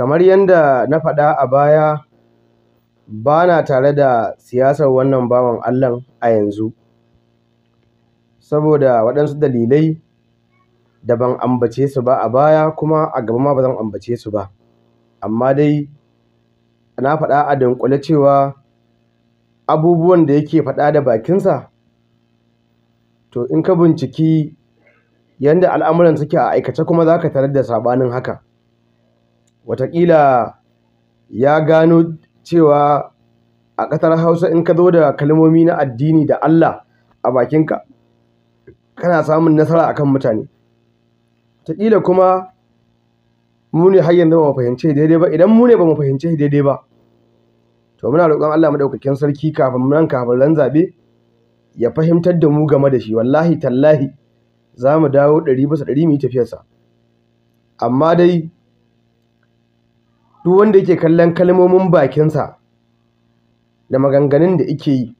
Kamar yadda na faɗa a baya, ba na tare da siyasar wannan bawan Allahn a yanzu, saboda waɗansu dalilai da ban ambace su ba a baya kuma a gaba ma ba zan ambace su ba. Amma dai na faɗa a dunkule cewa abubuwan da yake faɗa da bakinsa, to in ka binciki yadda al'amuran suke a aikace kuma za ka tarar da saɓanin haka. watakila ya gano cewa a ƙasar Hausa in ka zo da kalmomi na addini da Allah a bakinka kana samun nasara akan mutane wataƙila kuma mu ne har yanzu ba mu fahimci daidai ba idan mu ne ba mu fahimci daidai ba to muna roƙon Allah madaukakin sarki kafin nan kafin ran zabe ya fahimtar da mu game da shi wallahi tallahi za mu dawo ɗari bisa ɗari mu yi tafiyarsa amma dai duk wanda yake kallon kalmomin bakinsa da maganganun da yake yi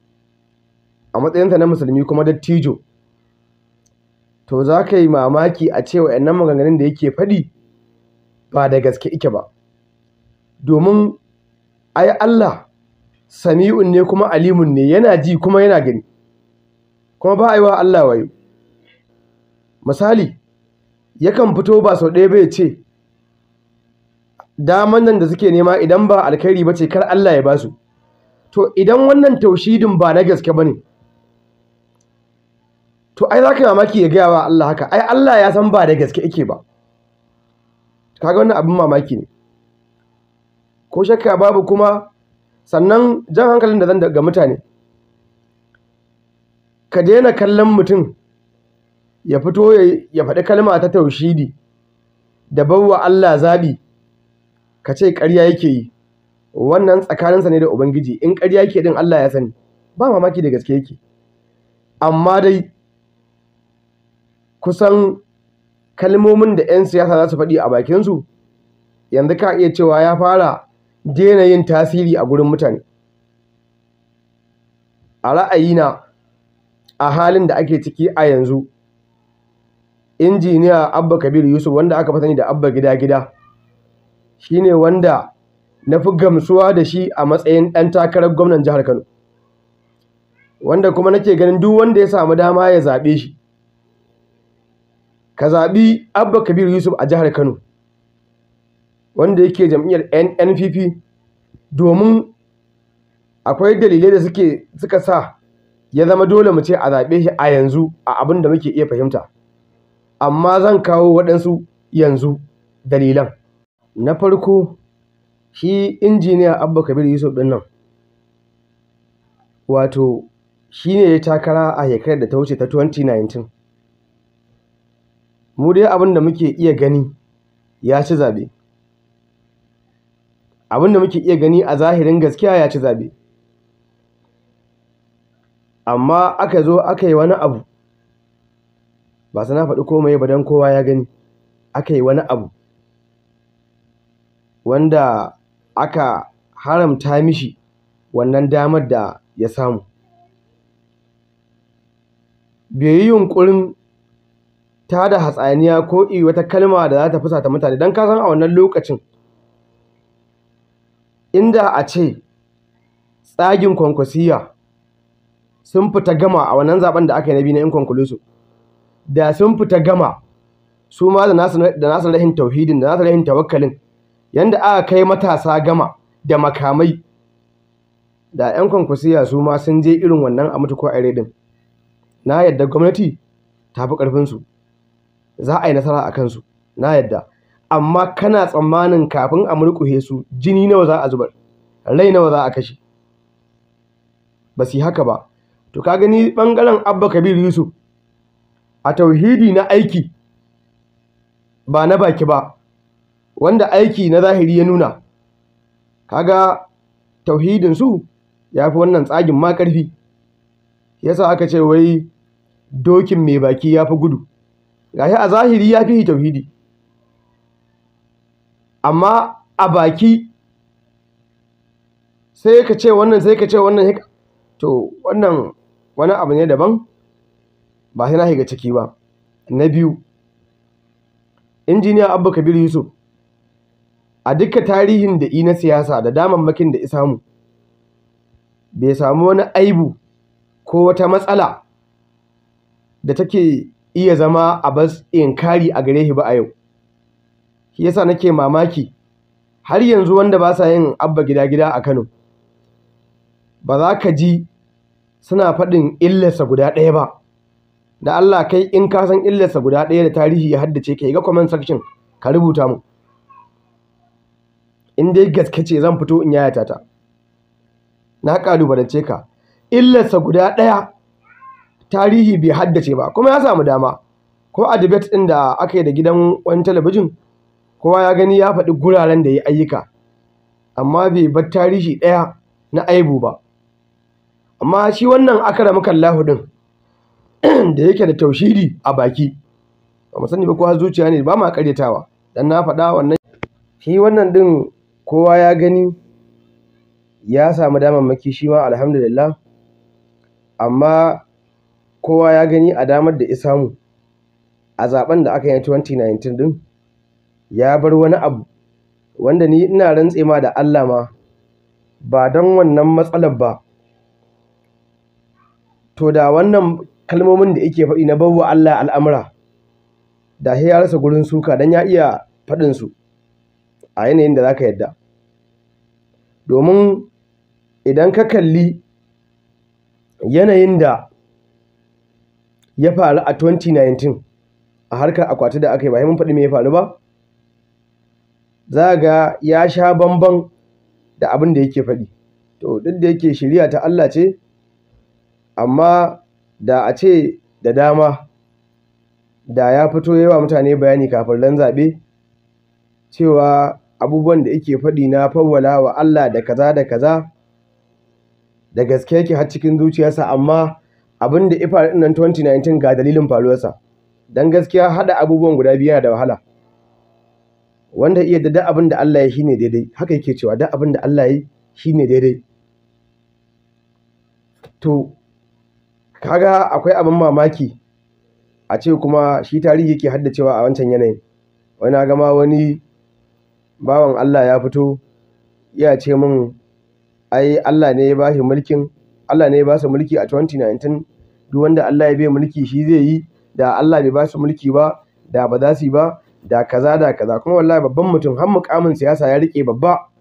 a matsayinsa na musulmi kuma dattijo to za ka yi mamaki a cewa wa'annan maganganun da yake faɗi ba da gaske ike ba domin ai Allah sami'un ne kuma alimun ne yana ji kuma yana gani kuma ba a Allah wayo misali yakan fito ba sau ɗaya bai ce daman nan da suke nema idan ba alkhairi ba ce kar Allah ya basu, to idan wannan taushidin ba na gaske ba ne to ai za ka mamaki ya gaya wa Allah haka ai Allah ya san ba da gaske yake ba kaga wannan abin mamaki ne ko shakka babu kuma sannan jan hankalin da zan ga mutane ka daina kallon mutum ya fito ya faɗi kalma ta taushidi da bawa Allah zaɓi. ka ce ƙarya yake yi wannan tsakaninsa ne da ubangiji in ƙarya yake din Allah ya sani ba mamaki da gaske yake amma dai kusan kalmomin da 'yan siyasa za su faɗi a bakinsu yanzu ka iya cewa ya fara daina yin tasiri a gurin mutane a ra'ayi na, a halin da ake ciki a yanzu injiniya abba kabir yusuf wanda aka fasani da abba gida gida shine wanda na fi gamsuwa da shi a matsayin ɗan takarar gwamnan jihar Kano. Wanda kuma nake ganin duk wanda ya samu dama ya zaɓe shi. Ka zaɓi Abba Kabir Yusuf a jihar Kano, wanda yake jam'iyyar NNPP domin akwai dalilai da suke suka sa ya zama dole mu ce a zaɓe shi a yanzu a abin da muke iya fahimta. Amma zan kawo waɗansu yanzu dalilan. Na farko shi injiniya Abba Kabir Yusuf ɗin nan, wato shi ne ya takara a shekarar da ta wuce ta 2019. Mu dai abin da muke iya gani ya ci zaɓe. Abin da muke iya gani a zahirin gaskiya ya ci zabe Amma aka zo aka yi wani abu, ba su na faɗi komai ba don kowa ya gani, aka yi wani abu. wanda aka haramta mishi wannan damar da ya samu. Bai yi yunƙurin tada hatsaniya ko i wata kalma da za ta ta mutane don ka san a wannan lokacin inda a ce tsagin Kwankwasiyya sun fita gama a wannan zaɓen da aka yi na biyu na inconclusive da sun fita gama su ma da nasu rahin tauhidin da nasu rahin tawakkalin yanda aka kai matasa Gama da makamai da 'yan kwankwasiya su ma sun je irin wannan a mutu ko a redin na yadda gwamnati ta fi ƙarfinsu za a yi nasara a kansu na yadda amma kana tsammanin kafin a murkuhe su jini nawa za a zubar rai nawa za a kashe ba su yi haka ba to ka gani bangaren abba kabir yusuf a tauhidi na aiki ba na baki ba wanda aiki na zahiri ya nuna kaga tauhidinsu ya fi wannan tsagin ma ƙarfi sa aka ce wai dokin mai baki ya fi gudu gashi a zahiri ya fi tauhidi amma a baki sai ka ce wannan sai ka ce wannan to wannan wani abu ne daban ba sai na shiga ciki ba na biyu injiniya abba kabir yusuf a duka tarihin da i na siyasa da damammakin da isamu bai samu wani aibu ko wata matsala da take iya zama a bas inkari a gare shi ba a yau shi yasa nake mamaki har yanzu wanda ba sa yin abba gida gida a Kano ba za ka ji suna faɗin illarsa guda ɗaya ba da Allah kai in ka san illarsa guda ɗaya da tarihi ya haddace ka yi ga comment section ka rubuta mu in dai gaske ce zan fito in yayata ta na kalubalance ka illarsa guda ɗaya tarihi bai haddace ba kuma ya samu dama ko a debate ɗin da aka yi da gidan wani talabijin kowa ya gani ya faɗi guraren da ya ayyuka amma bai bar tarihi ɗaya na aibu ba amma shi wannan akara kan ɗin da yake da taushiri a baki ba mu sani ba kowa zuciya ne ba ma karyatawa dan na faɗa wannan shi wannan ɗin kowa ya gani ya samu damammaki shi ma alhamdulillah amma kowa ya gani a damar da isamu samu a zaɓen da aka yi na 2019 din ya bar wani abu wanda ni ina rantse ma da Allah ma ba don wannan matsalar ba to da wannan kalmomin da yake faɗi na bawa Allah al'amura da ya rasa gurin suka don ya iya faɗinsu a yanayin da za ka yadda Domin idan ka kalli yanayin da ya faru a 2019 a harkar akwati da aka yi, ba mun faɗi me ya faru ba, za ga ya sha bamban da abin da yake faɗi. To, duk da yake shirya ta Allah ce, amma da a ce da dama da ya fito yawa mutane bayani kafin ran zaɓe cewa abubuwan da yake faɗi na fawwala wa Allah da kaza da kaza da gaske yake har cikin zuciyarsa amma abin da ifa nan 2019 ga dalilin faruwarsa dan gaskiya haɗa abubuwan guda biyu da wahala wanda iya da abin da Allah ya ne daidai haka yake cewa da abin da Allah ya shine daidai to kaga akwai abin mamaki a ce kuma shi tarihi yake haddacewa a wancan yanayin wani gama wani bawan Allah ya fito ya ce min ai Allah ne ya ba shi mulkin Allah ne ya ba su mulki a 2019 duk wanda Allah ya bai mulki shi zai yi da Allah bai ba su mulki ba da ba za su yi ba da kaza da kaza kuma wallahi babban mutum har mukamin siyasa ya rike babba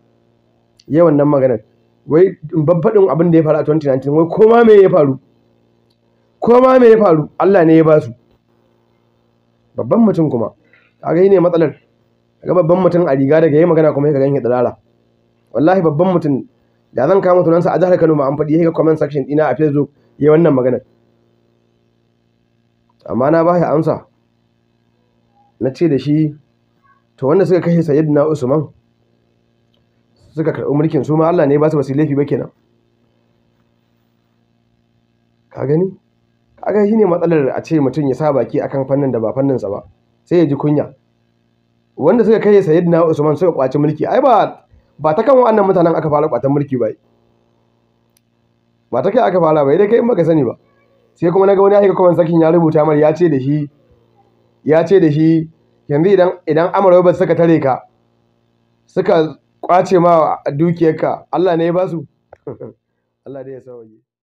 yayi wannan maganar wai babbaɗin abin da ya faru a 2019 wai koma me ya faru koma me ya faru Allah ne ya ba su babban mutum kuma kaga ne matsalar ga babban mutum a riga daga yi magana kuma ya ganye dalala wallahi babban mutum da zan kama tunansa a jihar Kano ma an faɗi ga comment section dina a Facebook yi wannan magana amma na ba shi amsa na ce da shi to wanda suka kashe Sayyidina Usman suka karɓi mulkin su ma Allah ne ba su basu laifi ba kenan ka gani shi shine matsalar a ce mutum ya sa baki akan fannin da ba fanninsa ba sai ya ji kunya wanda suka kai sayyidina usman suka kwaci mulki ai ba ba ta kan wa'annan mutanen aka fara kwatan mulki ba ba ta kai aka fara ba idan kai in baka sani ba sai kuma naga wani aika kuma sakin ya rubuta mar ya ce da shi ya ce da shi yanzu idan idan amara ba suka tare ka suka kwace ma dukiyarka Allah ne ya basu Allah dai ya sauke